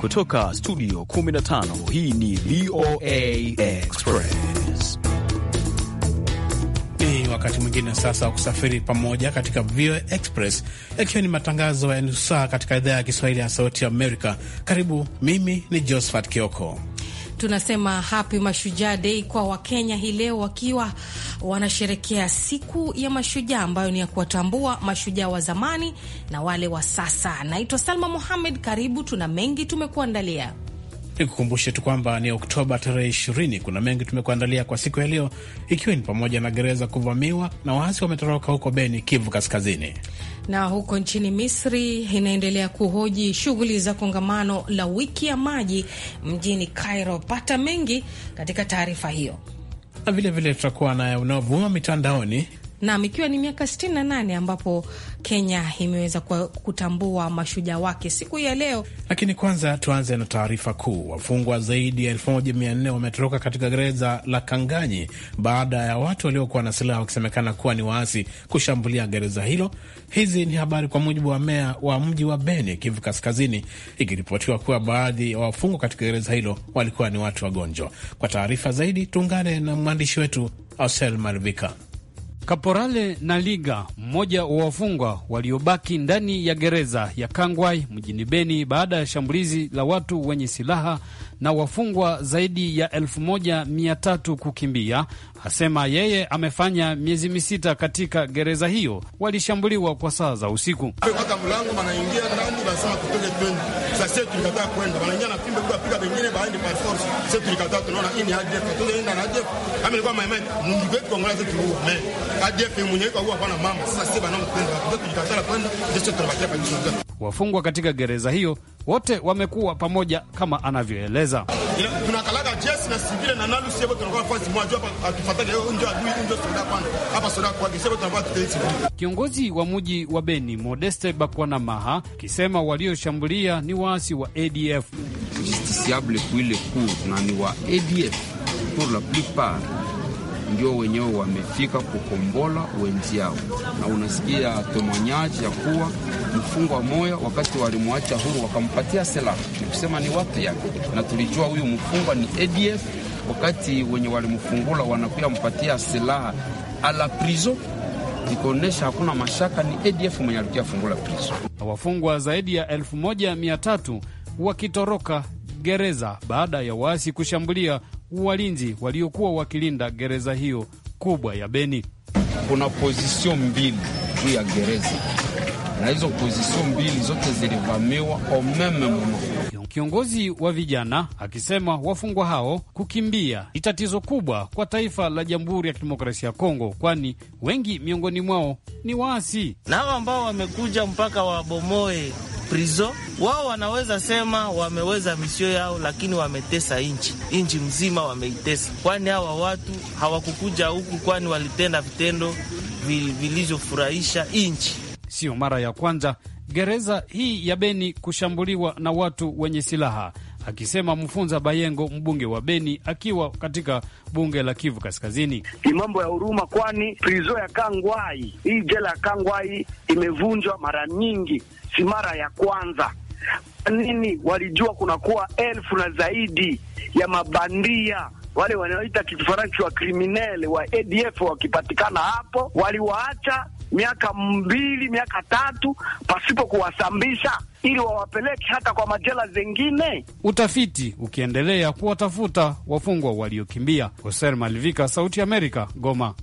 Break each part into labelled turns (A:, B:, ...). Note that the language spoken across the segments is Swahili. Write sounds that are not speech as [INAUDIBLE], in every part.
A: Kutoka studio 15
B: hii ni VOA
A: Express.
C: Ni wakati mwingine sasa wa kusafiri pamoja katika VOA Express, yakiwa ni matangazo ya nusu saa katika idhaa ya Kiswahili ya Sauti Amerika. Karibu, mimi ni Josephat Kioko
D: tunasema happy Mashujaa Day kwa Wakenya hii leo, wakiwa wanasherekea siku ya mashujaa ambayo ni ya kuwatambua mashujaa wa zamani na wale wa sasa. Naitwa Salma Mohamed, karibu, tuna mengi tumekuandalia.
C: Nikukumbushe tu kwamba ni Oktoba tarehe 20. Kuna mengi tumekuandalia kwa siku ya leo, ikiwa ni pamoja na gereza kuvamiwa na waasi wametoroka huko Beni, Kivu Kaskazini,
D: na huko nchini Misri inaendelea kuhoji shughuli za kongamano la wiki ya maji mjini Cairo. Pata mengi katika taarifa hiyo,
C: na vilevile tutakuwa naye unaovuma mitandaoni
D: Nam, ikiwa ni miaka 68 ambapo Kenya imeweza kutambua mashujaa wake siku hii ya leo.
C: Lakini kwanza tuanze na taarifa kuu. Wafungwa zaidi ya 1400 wametoroka katika gereza la Kanganyi baada ya watu waliokuwa na silaha wakisemekana kuwa ni waasi kushambulia gereza hilo. Hizi ni habari kwa mujibu wa meya wa mji wa Beni, Kivu Kaskazini, ikiripotiwa kuwa baadhi ya wafungwa katika gereza hilo walikuwa ni watu wagonjwa. Kwa taarifa zaidi tuungane na mwandishi
B: wetu Ausel Malvika. Kaporale Naliga, mmoja wa wafungwa waliobaki ndani ya gereza ya Kangwai mjini Beni baada ya shambulizi la watu wenye silaha na wafungwa zaidi ya elfu moja mia tatu kukimbia asema yeye amefanya miezi misita katika gereza hiyo. Walishambuliwa kwa saa za usiku wafungwa katika gereza hiyo wote wamekuwa pamoja kama anavyoeleza
E: tunakalaga jeshi na sivile na nalu tunakuwa fasi hapa atufatake adui soda kwanza hapa soda kwa tunakuwa
B: Kiongozi wa muji wa Beni Modeste bakwana Maha kisema walioshambulia ni waasi wa ADF. Justiciable na ni wa ADF pour la plupart ndio wenyewe wamefika kukombola wenziao, na unasikia temonyaji ya kuwa mfungwa moya wakati walimwacha huru wakampatia silaha, ni kusema ni watu yake, na tulijua huyu mfungwa ni ADF wakati wenye walimfungula wanakuya mpatia silaha ala prizo ikonesha hakuna mashaka ni ADF mwenye alikuya fungula prizo. Wafungwa zaidi ya elfu moja mia tatu wakitoroka gereza baada ya waasi kushambulia walinzi waliokuwa wakilinda gereza hiyo kubwa ya Beni. Kuna pozisio mbili juu ya gereza na hizo pozisio mbili zote zilivamiwa omeme meme kiongozi wa vijana, akisema wafungwa hao kukimbia ni tatizo kubwa kwa taifa la Jamhuri ya Kidemokrasia ya Kongo, kwani wengi miongoni mwao ni waasi, na hao ambao wamekuja mpaka wabomoe prizo wao wanaweza sema wameweza
A: misio yao, lakini wametesa nchi nchi mzima wameitesa, kwani hawa watu
B: hawakukuja huku, kwani walitenda vitendo vilivyofurahisha nchi. Sio mara ya kwanza gereza hii ya Beni kushambuliwa na watu wenye silaha, akisema Mfunza Bayengo, mbunge wa Beni akiwa katika bunge la Kivu Kaskazini.
F: Ni mambo ya huruma, kwani prizo ya Kangwai, hii jela ya Kangwai imevunjwa mara nyingi, si mara ya kwanza. Nini walijua kunakuwa elfu na zaidi ya mabandia wale wanaoita kifaransi wa kriminele wa ADF wakipatikana hapo, waliwaacha miaka mbili miaka tatu pasipo kuwasambisha ili wawapeleke hata kwa majela zengine.
B: Utafiti ukiendelea kuwatafuta wafungwa waliokimbia. Hoser Malivika, Sauti ya Amerika, Goma.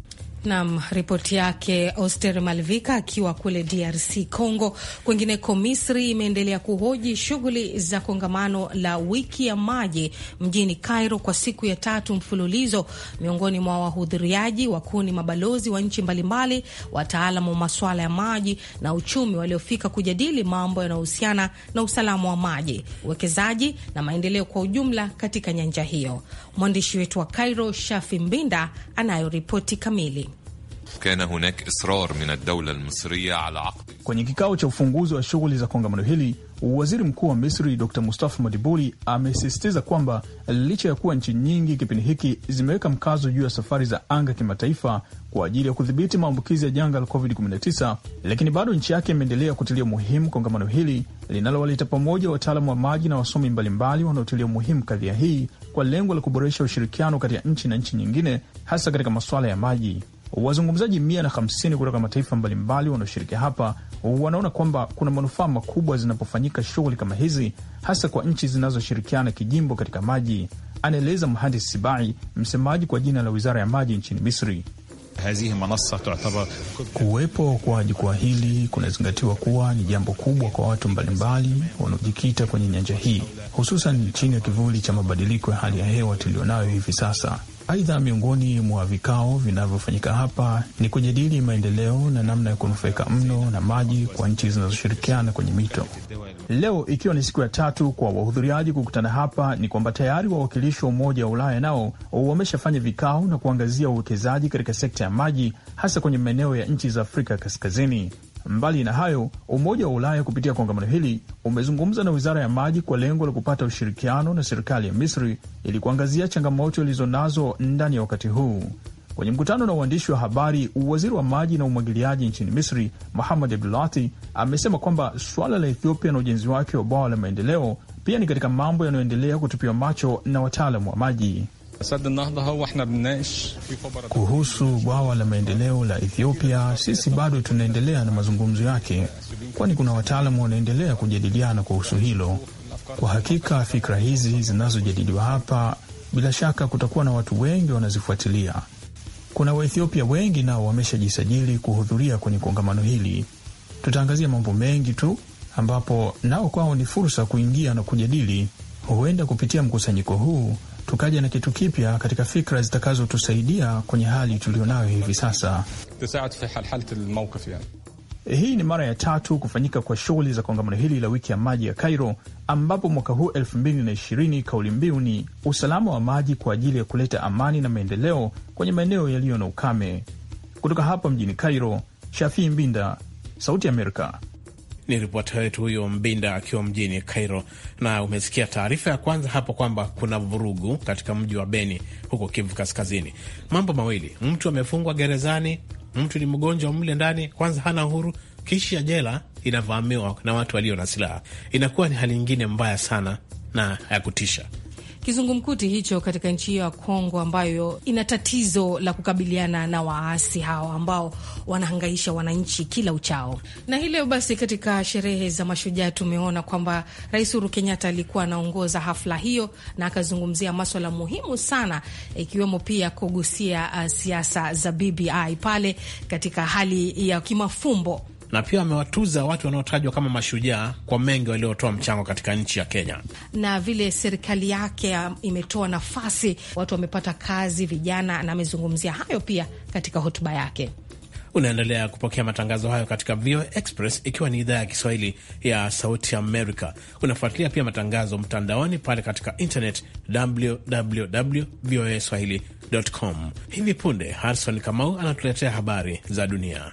D: Nam ripoti yake Oster Malvika akiwa kule DRC Congo. Kwingineko, Misri imeendelea kuhoji shughuli za kongamano la wiki ya maji mjini Cairo kwa siku ya tatu mfululizo. Miongoni mwa wahudhuriaji wakuu ni mabalozi wa nchi mbalimbali, wataalamu wa maswala ya maji na uchumi waliofika kujadili mambo yanayohusiana na usalama wa maji, uwekezaji na maendeleo kwa ujumla katika nyanja hiyo. Mwandishi wetu wa Cairo, Shafi Mbinda, anayo ripoti kamili.
G: Kwenye kikao cha ufunguzi wa shughuli za kongamano hili, waziri mkuu wa Misri Dr Mustafa Madibuli amesisitiza kwamba licha ya kuwa nchi nyingi kipindi hiki zimeweka mkazo juu ya safari za anga kimataifa kwa ajili ya kudhibiti maambukizi ya janga la COVID-19, lakini bado nchi yake imeendelea kutilia umuhimu kongamano hili linalowaleta pamoja wataalamu wa maji na wasomi mbalimbali wanaotilia umuhimu kadhia hii kwa lengo la kuboresha ushirikiano kati ya nchi na nchi nyingine, hasa katika masuala ya maji. Wazungumzaji mia kutoka mataifa mbalimbali wanaoshiriki hapa wanaona kwamba kuna manufaa makubwa zinapofanyika shughuli kama hizi, hasa kwa nchi zinazoshirikiana kijimbo katika maji, anaeleza Mhandisi Sibai, msemaji kwa jina la wizara ya maji nchini Misri. Kuwepo kwa jukwaa hili kunazingatiwa kuwa ni jambo kubwa kwa watu mbalimbali wanaojikita kwenye nyanja hii, hususan chini ya kivuli cha mabadiliko ya hali ya hewa tuliyonayo hivi sasa. Aidha, miongoni mwa vikao vinavyofanyika hapa ni kujadili maendeleo na namna ya kunufaika mno na maji kwa nchi zinazoshirikiana kwenye mito. Leo ikiwa ni siku ya tatu kwa wahudhuriaji kukutana hapa, ni kwamba tayari wawakilishi wa Umoja wa Ulaya nao wameshafanya vikao na kuangazia uwekezaji katika sekta ya maji, hasa kwenye maeneo ya nchi za Afrika Kaskazini. Mbali na hayo, Umoja wa Ulaya kupitia kongamano hili umezungumza na wizara ya maji kwa lengo la kupata ushirikiano na serikali ya Misri ili kuangazia changamoto ilizonazo ndani ya wakati huu. Kwenye mkutano na uandishi wa habari, waziri wa maji na umwagiliaji nchini Misri, Muhammad Abdulati, amesema kwamba suala la Ethiopia na ujenzi wake wa bwawa la maendeleo pia ni katika mambo yanayoendelea kutupiwa macho na wataalamu wa maji. Kuhusu bwawa la maendeleo la Ethiopia, sisi bado tunaendelea na mazungumzo yake, kwani kuna wataalamu wanaendelea kujadiliana kuhusu hilo. Kwa hakika fikra hizi zinazojadiliwa hapa, bila shaka kutakuwa na watu wengi wanazifuatilia. Kuna Waethiopia wengi nao wameshajisajili kuhudhuria kwenye kongamano hili. Tutaangazia mambo mengi tu, ambapo nao kwao ni fursa kuingia na kujadili. Huenda kupitia mkusanyiko huu tukaja na kitu kipya katika fikra zitakazotusaidia kwenye hali tuliyonayo hivi sasa. Hii ni mara ya tatu kufanyika kwa shughuli za kongamano hili la wiki ya maji ya Cairo, ambapo mwaka huu 2020 kauli mbiu ni usalama wa maji kwa ajili ya kuleta amani na maendeleo kwenye maeneo yaliyo na ukame. Kutoka hapa mjini Cairo, Shafii Mbinda, Sauti ya
C: Amerika. Ni ripota wetu huyo Mbinda akiwa mjini Cairo. Na umesikia taarifa ya kwanza hapo kwamba kuna vurugu katika mji wa Beni huko Kivu Kaskazini. Mambo mawili, mtu amefungwa gerezani, mtu ni mgonjwa mle ndani, kwanza hana uhuru, kisha jela inavamiwa na watu walio na silaha. Inakuwa ni hali nyingine mbaya sana na ya kutisha
D: kizungumkuti hicho katika nchi hiyo ya Kongo ambayo ina tatizo la kukabiliana na waasi hao ambao wanahangaisha wananchi kila uchao. Na hii leo basi, katika sherehe za mashujaa tumeona kwamba Rais Uhuru Kenyatta alikuwa anaongoza hafla hiyo na akazungumzia maswala muhimu sana, ikiwemo pia kugusia uh, siasa za BBI pale katika hali ya kimafumbo
C: na pia amewatuza watu wanaotajwa kama mashujaa kwa mengi waliotoa mchango katika nchi ya Kenya,
D: na vile serikali yake um, imetoa nafasi watu wamepata kazi vijana, na amezungumzia hayo pia katika hotuba yake.
C: Unaendelea kupokea matangazo hayo katika VOA Express, ikiwa ni idhaa ya Kiswahili ya Sauti Amerika. Unafuatilia pia matangazo mtandaoni pale katika internet www voa swahili com. Hivi punde Harrison Kamau anatuletea habari za dunia.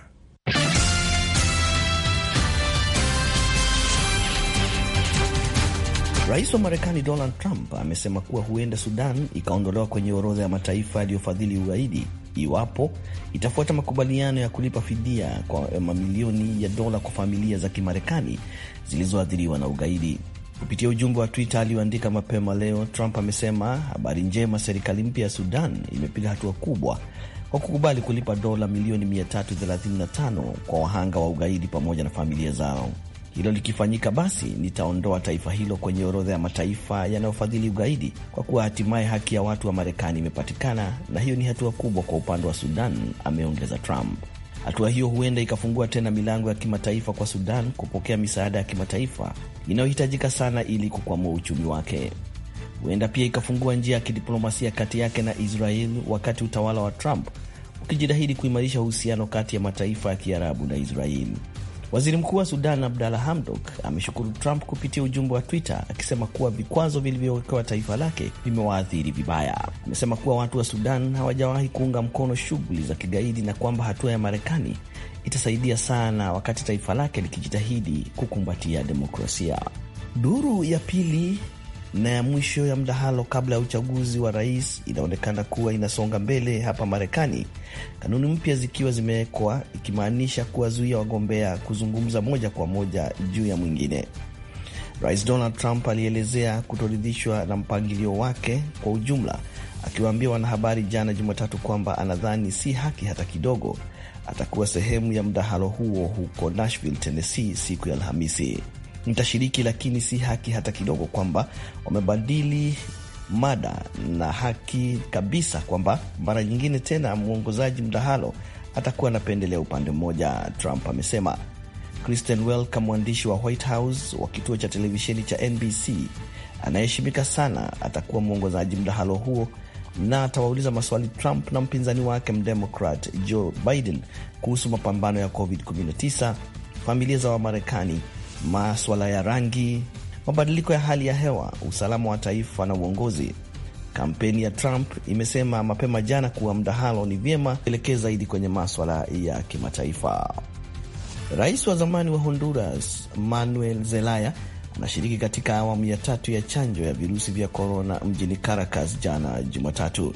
A: Rais wa Marekani Donald Trump amesema kuwa huenda Sudan ikaondolewa kwenye orodha ya mataifa yaliyofadhili ugaidi iwapo itafuata makubaliano ya kulipa fidia kwa eh, mamilioni ya dola kwa familia za Kimarekani zilizoathiriwa na ugaidi. Kupitia ujumbe wa Twitter aliyoandika mapema leo, Trump amesema habari njema, serikali mpya ya Sudan imepiga hatua kubwa kwa kukubali kulipa dola milioni 335 kwa wahanga wa ugaidi pamoja na familia zao. Hilo likifanyika, basi nitaondoa taifa hilo kwenye orodha ya mataifa yanayofadhili ugaidi, kwa kuwa hatimaye haki ya watu wa Marekani imepatikana, na hiyo ni hatua kubwa kwa upande wa Sudan, ameongeza Trump. Hatua hiyo huenda ikafungua tena milango ya kimataifa kwa Sudan kupokea misaada ya kimataifa inayohitajika sana ili kukwamua uchumi wake. Huenda pia ikafungua njia ya kidiplomasia kati yake na Israel, wakati utawala wa Trump ukijitahidi kuimarisha uhusiano kati ya mataifa ya Kiarabu na Israeli. Waziri mkuu wa Sudan Abdalla Hamdok ameshukuru Trump kupitia ujumbe wa Twitter akisema kuwa vikwazo vilivyowekewa taifa lake vimewaathiri vibaya. Amesema kuwa watu wa Sudan hawajawahi kuunga mkono shughuli za kigaidi na kwamba hatua ya Marekani itasaidia sana wakati taifa lake likijitahidi kukumbatia demokrasia. Duru ya pili na ya mwisho ya mdahalo kabla ya uchaguzi wa rais inaonekana kuwa inasonga mbele hapa Marekani, kanuni mpya zikiwa zimewekwa ikimaanisha kuwazuia wagombea kuzungumza moja kwa moja juu ya mwingine. Rais Donald Trump alielezea kutoridhishwa na mpangilio wake kwa ujumla, akiwaambia wanahabari jana Jumatatu kwamba anadhani si haki hata kidogo. Atakuwa sehemu ya mdahalo huo huko Nashville, Tennessee siku ya Alhamisi nitashiriki, lakini si haki hata kidogo, kwamba wamebadili mada na haki kabisa, kwamba mara nyingine tena mwongozaji mdahalo atakuwa anapendelea upande mmoja, Trump amesema. Kristen Welker, mwandishi wa White House wa kituo cha televisheni cha NBC anayeheshimika sana, atakuwa mwongozaji mdahalo huo na atawauliza maswali Trump na mpinzani wake mdemokrat Joe Biden kuhusu mapambano ya COVID-19, familia za Wamarekani maswala ya rangi, mabadiliko ya hali ya hewa, usalama wa taifa na uongozi. Kampeni ya Trump imesema mapema jana kuwa mdahalo ni vyema kuelekea zaidi kwenye maswala ya kimataifa. Rais wa zamani wa Honduras Manuel Zelaya anashiriki katika awamu ya tatu ya chanjo ya virusi vya korona mjini Caracas jana Jumatatu.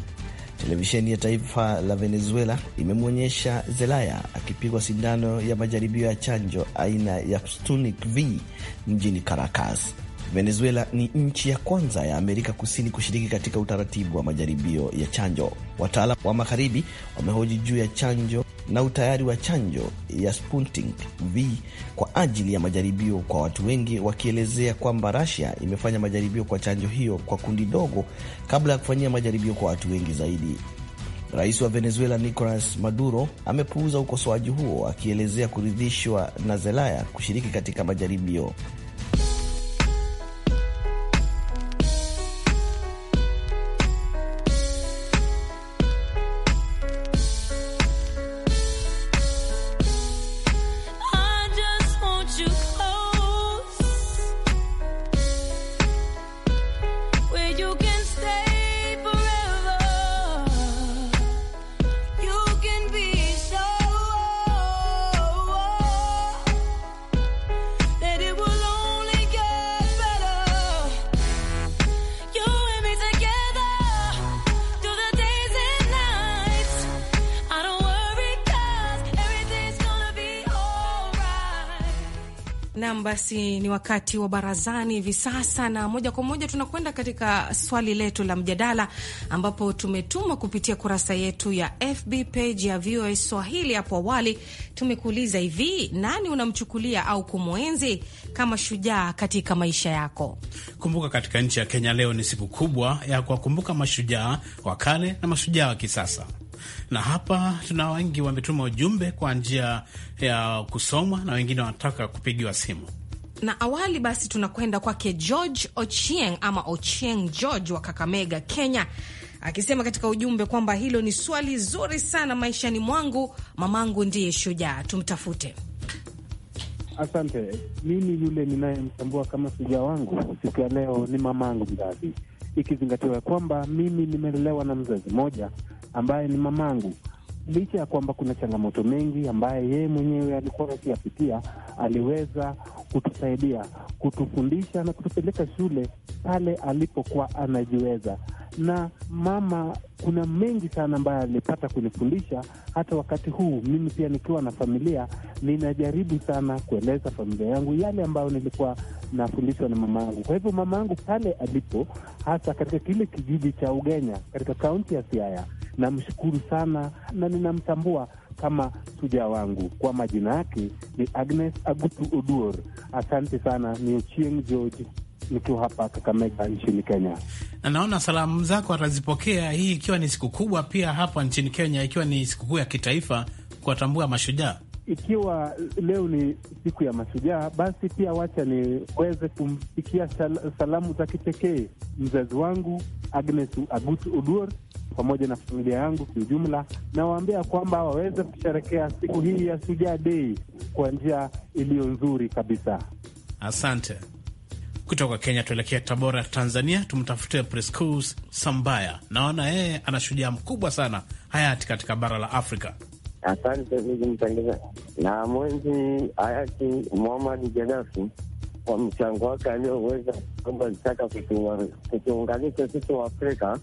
A: Televisheni ya taifa la Venezuela imemwonyesha Zelaya akipigwa sindano ya majaribio ya chanjo aina ya Sputnik V mjini Caracas. Venezuela ni nchi ya kwanza ya Amerika Kusini kushiriki katika utaratibu wa majaribio ya chanjo. Wataalam wa magharibi wamehoji juu ya chanjo na utayari wa chanjo ya Sputnik V kwa ajili ya majaribio kwa watu wengi, wakielezea kwamba Russia imefanya majaribio kwa chanjo hiyo kwa kundi dogo kabla ya kufanyia majaribio kwa watu wengi zaidi. Rais wa Venezuela Nicolas Maduro amepuuza ukosoaji huo, akielezea kuridhishwa na Zelaya kushiriki katika majaribio.
D: Nam, basi ni wakati wa barazani hivi sasa, na moja kwa moja tunakwenda katika swali letu la mjadala, ambapo tumetuma kupitia kurasa yetu ya FB page ya VOA Swahili. Hapo awali tumekuuliza hivi, nani unamchukulia au kumwenzi kama shujaa katika maisha yako?
C: Kumbuka katika nchi ya Kenya leo ni siku kubwa ya kuwakumbuka mashujaa wa kale na mashujaa wa kisasa na hapa tuna wengi wametuma ujumbe kwa njia ya kusomwa na wengine wanataka kupigiwa simu
D: na awali basi, tunakwenda kwake George Ochieng ama Ochieng George wa Kakamega, Kenya, akisema katika ujumbe kwamba hilo ni swali zuri sana. Maishani mwangu mamangu ndiye shujaa, tumtafute.
E: Asante. Mimi yule ninayemtambua kama shujaa wangu siku ya leo ni mamangu mzazi, ikizingatiwa ya kwamba mimi nimelelewa na mzazi mmoja ambaye ni mamangu. Licha ya kwamba kuna changamoto mengi ambaye yeye mwenyewe alikuwa akiyapitia, aliweza kutusaidia, kutufundisha na kutupeleka shule pale alipokuwa anajiweza. Na mama, kuna mengi sana ambayo alipata kunifundisha. Hata wakati huu mimi pia nikiwa na familia, ninajaribu sana kueleza familia yangu yale ambayo nilikuwa nafundishwa na mama yangu. Kwa hivyo mama yangu pale alipo, hasa katika kile kijiji cha Ugenya katika kaunti ya Siaya Namshukuru sana na ninamtambua kama suja wangu kwa majina yake ni Agnes Agutu Oduor. Asante sana, ni Ochieng George nikiwa hapa Kakamega nchini Kenya.
C: Na naona salamu zako atazipokea, hii ikiwa ni siku kubwa pia hapa nchini Kenya, ikiwa ni sikukuu ya kitaifa kuwatambua mashujaa.
E: Ikiwa leo ni siku ya mashujaa, basi pia wacha niweze kumfikia salamu za kipekee mzazi wangu Agnes Agutu Oduor pamoja na familia yangu kiujumla, nawaambia kwamba waweze kusherekea siku hii ya Shujaa Dei kwa njia iliyo nzuri kabisa.
C: Asante. Kutoka Kenya tuelekea Tabora, Tanzania, tumtafute Priscus Sambaya. Naona yeye ana shujaa mkubwa sana hayati katika bara la Afrika.
H: Asante ndugu mtangazaji, na mwenzi hayati Muhammad Gaddafi kwa mchango wake aliyoweza, kwamba alitaka kutuunganisha sisi wa Afrika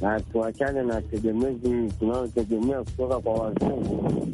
H: na tuachane na tegemezi tunayotegemea kutoka kwa wazungu.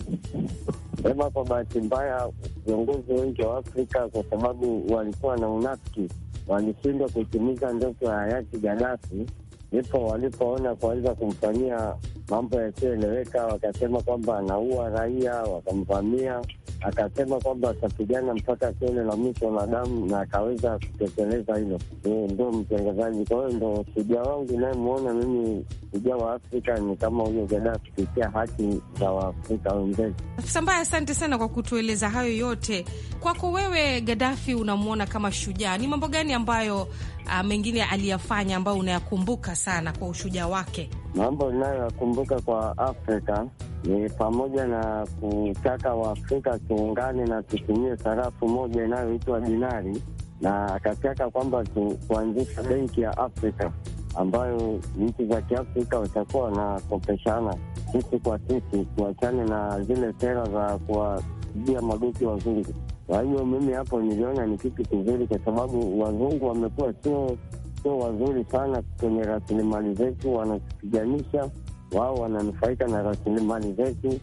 H: Ema, kwa bahati mbaya viongozi wengi wa Afrika kwa sababu walikuwa na unafiki, walishindwa kuitimiza ndoto ya hayati Gaddafi ndipo walipoona kuanza kumfanyia mambo yasiyoeleweka, wakasema kwamba anaua raia, wakamvamia. Akasema kwamba atapigana mpaka kele la mwisho la damu, na akaweza kutekeleza hilo. Ndio mtengezaji Kwa hiyo ndo shujaa wangu inayemwona mimi shujaa wa Afrika ni kama huyo Gadaa, kupitia haki za Waafrika wenzeu.
D: Afisa asante sana kwa kutueleza hayo yote. Kwako wewe, Gadafi unamwona kama shujaa, ni mambo gani ambayo uh, mengine aliyafanya ambayo unayakumbuka sana kwa ushujaa wake?
H: Mambo inayoyakumbuka kwa Afrika ni pamoja na kutaka Waafrika tuungane na tutumie sarafu moja inayoitwa dinari, na akataka kwamba kuanzisha benki ya Afrika ambayo nchi za Kiafrika watakuwa wanakopeshana sisi kwa sisi, tuachane na zile sera za kuwapigia magoti wazungu. Kwa hiyo mimi hapo niliona ni kitu kizuri, kwa sababu wazungu wamekuwa sio sio wazuri sana kwenye rasilimali zetu, wanatupiganisha. Wao wananufaika na rasilimali zetu,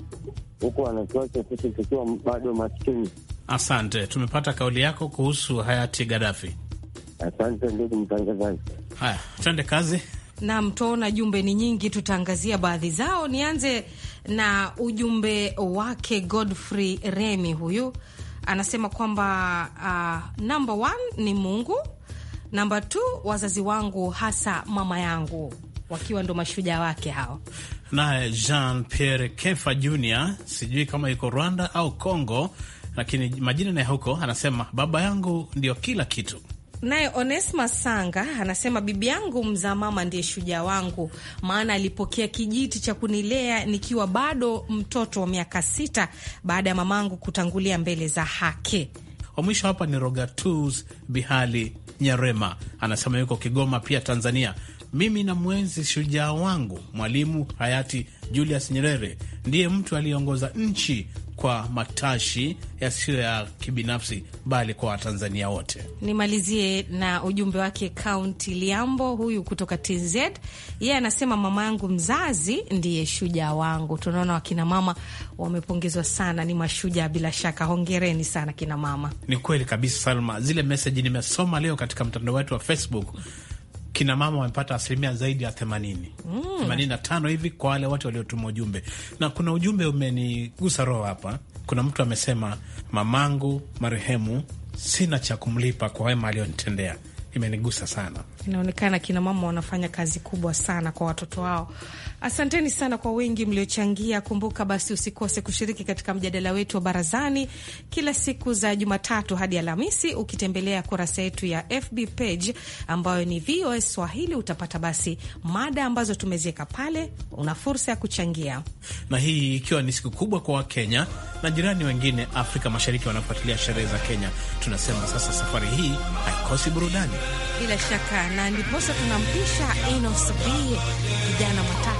H: huku wanatuacha sisi tukiwa bado maskini.
C: Asante, tumepata kauli yako kuhusu hayati Gaddafi.
H: Asante ndugu mtangazaji.
C: Haya, twende kazi.
D: Nam, tuaona jumbe ni nyingi, tutaangazia baadhi zao. Nianze na ujumbe wake Godfrey Remi huyu anasema kwamba uh, namba one ni Mungu, namba two wazazi wangu, hasa mama yangu, wakiwa ndo mashujaa wake hao.
C: Naye Jean Pierre Kefa Jr sijui kama yuko Rwanda au Congo, lakini majina naye huko, anasema baba yangu ndio kila kitu.
D: Naye Onesma Sanga anasema bibi yangu mzaa mama ndiye shujaa wangu, maana alipokea kijiti cha kunilea nikiwa bado mtoto wa miaka sita baada ya mamangu kutangulia mbele za haki.
C: Wa mwisho hapa ni Rogatus Bihali Nyarema, anasema yuko Kigoma pia Tanzania. Mimi na mwenzi shujaa wangu Mwalimu hayati Julius Nyerere, ndiye mtu aliyeongoza nchi kwa matashi yasiyo ya kibinafsi, bali kwa Watanzania wote.
D: Nimalizie na ujumbe wake Kaunti Liambo, huyu kutoka TZ. Yeye anasema mama yangu mzazi ndiye shujaa wangu. Tunaona wakinamama wamepongezwa sana, ni mashujaa bila shaka. Hongereni sana kinamama.
C: Ni kweli kabisa, Salma. Zile meseji nimesoma leo katika mtandao wetu wa Facebook kina mama wamepata asilimia zaidi ya themanini
I: mm. themanini
C: na tano hivi kwa wale wote waliotuma ujumbe. Na kuna ujumbe umenigusa roho hapa. Kuna mtu amesema, mamangu marehemu, sina cha kumlipa kwa wema aliyonitendea. Imenigusa sana.
D: Inaonekana kina mama wanafanya kazi kubwa sana kwa watoto wao Asanteni sana kwa wengi mliochangia. Kumbuka basi, usikose kushiriki katika mjadala wetu wa barazani kila siku za Jumatatu hadi Alhamisi. Ukitembelea kurasa yetu ya FB page ambayo ni VOA Swahili utapata basi mada ambazo tumeziweka pale, una fursa ya kuchangia, na
C: hii ikiwa ni siku kubwa kwa Wakenya na jirani wengine Afrika Mashariki wanafuatilia sherehe za Kenya. Tunasema sasa safari hii haikosi burudani
D: bila shaka, na ndiposa tunampisha Inos B kijana matatu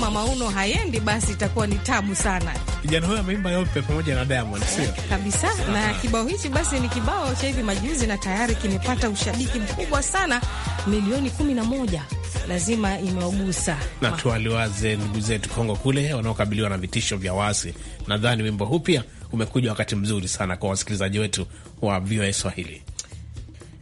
D: kama Mauno haendi basi itakuwa ni tabu sana.
C: Kijana huyo ameimba yope pamoja na Diamond, sio
D: kabisa. Na kibao hichi basi ni kibao cha hivi majuzi na tayari kimepata ushabiki mkubwa sana, milioni kumi na moja lazima imewagusa.
C: Na tuwaliwaze ndugu zetu Kongo kule wanaokabiliwa na vitisho vya wasi Nadhani wimbo huu pia umekuja wakati mzuri sana kwa wasikilizaji wetu wa VOA Swahili.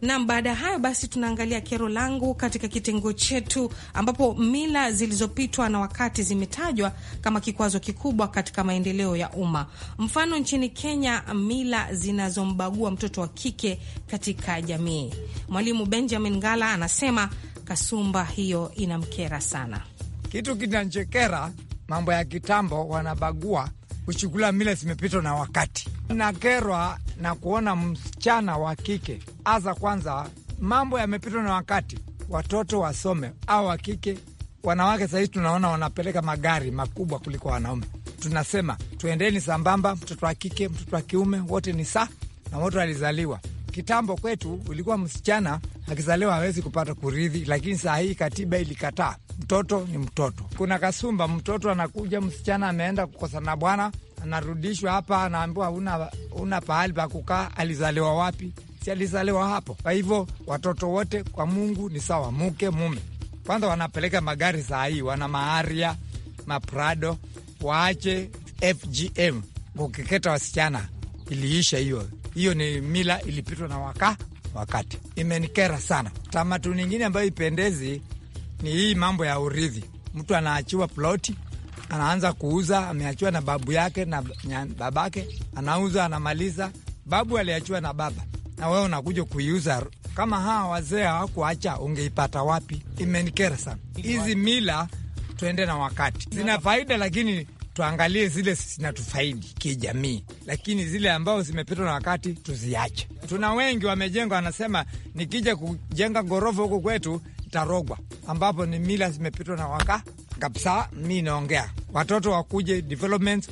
D: Nam, baada ya hayo basi, tunaangalia kero langu katika kitengo chetu, ambapo mila zilizopitwa na wakati zimetajwa kama kikwazo kikubwa katika maendeleo ya umma. Mfano, nchini Kenya, mila zinazombagua mtoto wa kike katika jamii. Mwalimu Benjamin Ngala anasema kasumba hiyo inamkera sana.
F: Kitu kinanchekera, mambo ya kitambo wanabagua kushukula mila zimepitwa na wakati. Nakerwa na kuona msichana wa kike aza, kwanza mambo yamepitwa na wakati, watoto wasome au wa kike. Wanawake sahizi tunaona wanapeleka magari makubwa kuliko wanaume. Tunasema tuendeni sambamba, mtoto wa kike, mtoto wa kiume, wote ni saa na wote walizaliwa Kitambo kwetu ulikuwa msichana akizaliwa hawezi kupata kurithi, lakini saa hii katiba ilikataa, mtoto ni mtoto. Kuna kasumba, mtoto anakuja msichana, ameenda kukosana bwana, anarudishwa hapa, anaambiwa una, una pahali pa kukaa. Alizaliwa wapi? Si alizaliwa hapo. Kwa hivyo watoto wote kwa Mungu ni sawa, mke mume. Kwanza wanapeleka magari saa hii, wana maaria maprado, waache FGM kukeketa wasichana, iliisha hiyo. Hiyo ni mila ilipitwa na waka wakati, imenikera sana. Tamaduni ingine ambayo ipendezi ni hii mambo ya urithi. Mtu anaachiwa ploti anaanza kuuza, ameachiwa na babu yake na babake, anauza anamaliza. Babu aliachiwa na baba, na wewe unakuja kuiuza. Kama hawa wazee hawakuacha, ungeipata wapi? Imenikera sana hizi mila. Tuende na wakati, zina faida lakini tuangalie zile zinatufaidi kijamii, lakini zile ambazo zimepitwa na wakati tuziache. Tuna wengi wamejengwa, anasema nikija kujenga ghorofa huku kwetu tarogwa, ambapo ni mila zimepitwa na waka kabisa. Mi naongea watoto wakuje development,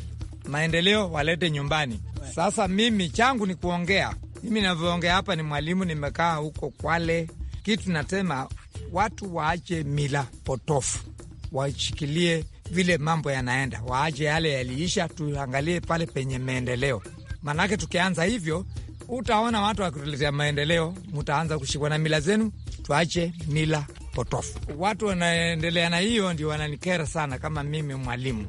F: maendeleo walete nyumbani. Sasa mimi changu ni kuongea. Mimi navyoongea hapa ni mwalimu, nimekaa huko Kwale. Kitu nasema watu waache mila potofu, washikilie vile mambo yanaenda, waache yale yaliisha, tuangalie pale penye maendeleo. Maanake tukianza hivyo, utaona watu wakituletea maendeleo, mtaanza kushikwa na mila zenu. Tuache mila potofu. Watu wanaendelea na hiyo, ndio wananikera sana kama mimi mwalimu.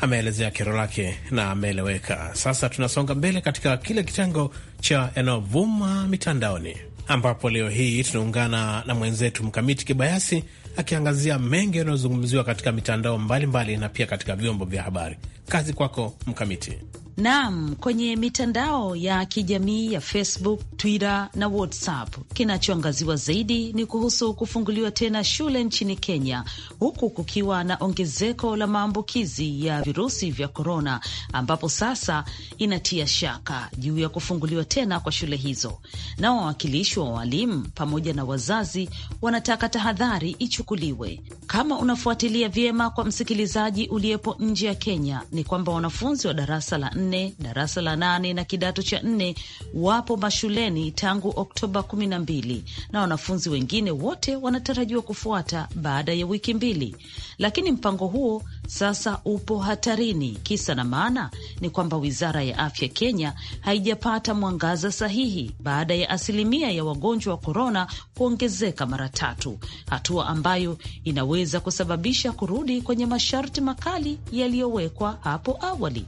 C: Ameelezea kero lake na ameeleweka. Sasa tunasonga mbele katika kile kitengo cha yanayovuma mitandaoni, ambapo leo hii tunaungana na mwenzetu Mkamiti Kibayasi akiangazia mengi yanayozungumziwa katika mitandao mbalimbali mbali na pia katika vyombo vya habari. Kazi kwako Mkamiti.
J: Naam, kwenye mitandao ya kijamii ya Facebook, Twitter na WhatsApp, kinachoangaziwa zaidi ni kuhusu kufunguliwa tena shule nchini Kenya, huku kukiwa na ongezeko la maambukizi ya virusi vya korona, ambapo sasa inatia shaka juu ya kufunguliwa tena kwa shule hizo, na wawakilishi wa walimu pamoja na wazazi wanataka tahadhari ichukuliwe. Kama unafuatilia vyema, kwa msikilizaji uliyepo nje ya Kenya, ni kwamba wanafunzi wa darasa la nne, darasa la nane na kidato cha nne wapo mashuleni tangu Oktoba kumi na mbili na wanafunzi wengine wote wanatarajiwa kufuata baada ya wiki mbili, lakini mpango huo sasa upo hatarini. Kisa na maana ni kwamba wizara ya afya Kenya haijapata mwangaza sahihi baada ya asilimia ya wagonjwa wa korona kuongezeka mara tatu, hatua ambayo inaweza kusababisha kurudi kwenye masharti makali yaliyowekwa hapo awali.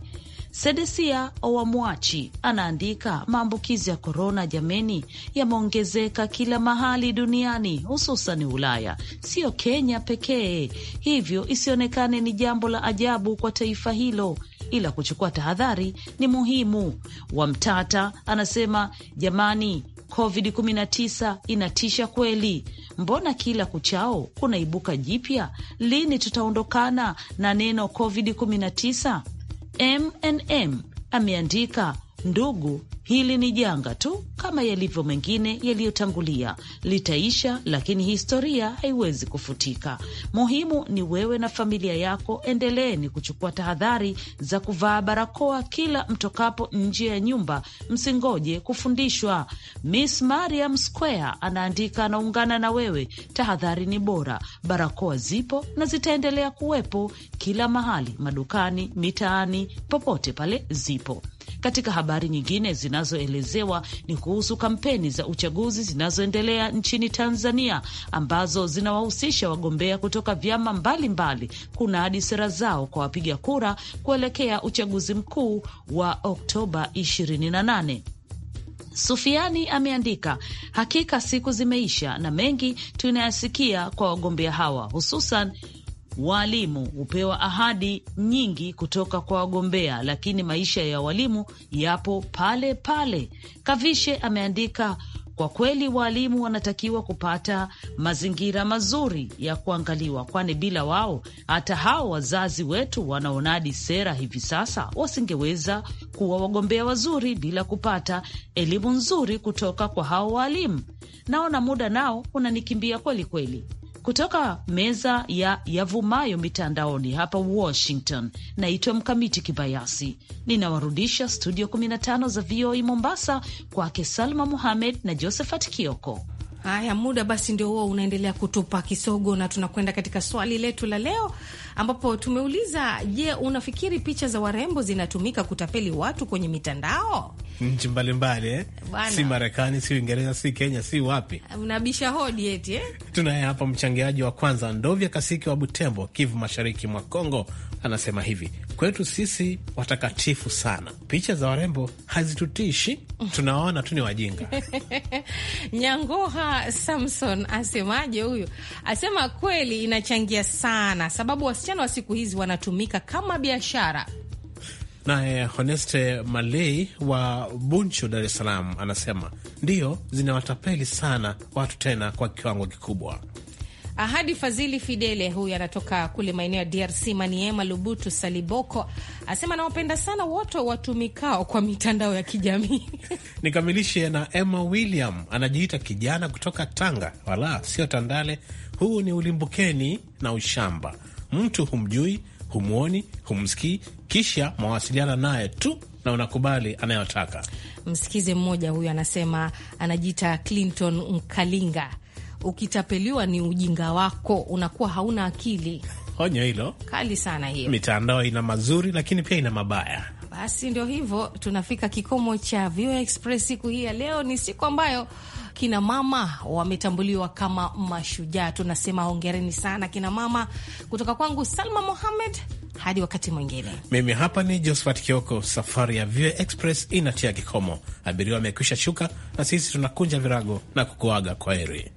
J: Sedesia Owamwachi anaandika, maambukizi ya korona jameni, yameongezeka kila mahali duniani, hususan Ulaya, siyo Kenya pekee, hivyo isionekane ni jambo la ajabu kwa taifa hilo ila kuchukua tahadhari ni muhimu. Wamtata anasema jamani, COVID-19 inatisha kweli. Mbona kila kuchao kunaibuka jipya? Lini tutaondokana na neno COVID-19? MNM ameandika ndugu Hili ni janga tu kama yalivyo mengine yaliyotangulia, litaisha, lakini historia haiwezi kufutika. Muhimu ni wewe na familia yako endeleeni kuchukua tahadhari za kuvaa barakoa kila mtokapo nje ya nyumba, msingoje kufundishwa. Miss Mariam Square anaandika, anaungana na wewe, tahadhari ni bora, barakoa zipo na zitaendelea kuwepo kila mahali, madukani, mitaani, popote pale zipo. Katika habari nyingine zinazoelezewa ni kuhusu kampeni za uchaguzi zinazoendelea nchini Tanzania ambazo zinawahusisha wagombea kutoka vyama mbalimbali kunadi sera zao kwa wapiga kura kuelekea uchaguzi mkuu wa Oktoba 28. Sufiani ameandika hakika, siku zimeisha na mengi tunayasikia kwa wagombea hawa hususan Waalimu hupewa ahadi nyingi kutoka kwa wagombea, lakini maisha ya walimu yapo pale pale. Kavishe ameandika, kwa kweli waalimu wanatakiwa kupata mazingira mazuri ya kuangaliwa, kwani bila wao hata hao wazazi wetu wanaonadi sera hivi sasa wasingeweza kuwa wagombea wazuri bila kupata elimu nzuri kutoka kwa hao waalimu. Naona muda nao unanikimbia kweli kweli. Kutoka meza ya yavumayo mitandaoni hapa Washington, naitwa Mkamiti Kibayasi, ninawarudisha
D: studio 15 za VOA e Mombasa, kwake Salma Muhamed na Josephat Kioko. Haya, muda basi ndio huo unaendelea kutupa kisogo, na tunakwenda katika swali letu la leo ambapo tumeuliza, je, unafikiri picha za warembo zinatumika kutapeli watu kwenye mitandao
C: nchi mbalimbali eh? Si Marekani, si Uingereza, si Kenya, si wapi,
D: mnabisha hodi eti eh?
C: Tunaye hapa mchangiaji wa kwanza Ndovya Kasiki wa Butembo, Kivu Mashariki mwa Kongo, anasema hivi: kwetu sisi watakatifu sana, picha za warembo hazitutishi, tunaona tu ni wajinga.
D: [LAUGHS] Nyangoha Samson asemaje huyu? Asema kweli inachangia sana sababu wasichana wa siku hizi wanatumika kama biashara.
C: Naye Honeste Malei wa Bunchu, Dar es Salaam, anasema ndiyo, zinawatapeli sana watu, tena kwa kiwango kikubwa.
D: Ahadi fazili Fidele, huyu anatoka kule maeneo ya DRC, Maniema, Lubutu, Saliboko, asema anawapenda sana wote watumikao kwa mitandao ya kijamii.
C: [LAUGHS] Nikamilishe na Emma William, anajiita kijana kutoka Tanga, wala sio Tandale. Huu ni ulimbukeni na ushamba mtu humjui, humwoni, humsikii, kisha mawasiliana naye tu na unakubali anayotaka.
D: Msikize mmoja huyu, anasema anajiita Clinton Mkalinga, ukitapeliwa ni ujinga wako, unakuwa hauna akili. Onyo hilo kali sana. Hiyo
C: mitandao ina mazuri, lakini pia ina mabaya.
D: Basi ndio hivyo, tunafika kikomo cha VOA Express siku hii ya leo. Ni siku ambayo kina mama wametambuliwa kama mashujaa. Tunasema hongereni sana kina mama. Kutoka kwangu Salma Mohamed, hadi wakati mwingine.
C: Mimi hapa ni Josphat Kioko. Safari ya VOA Express inatia kikomo, abiria wamekwisha shuka, na sisi tunakunja virago na kukuaga kwa heri.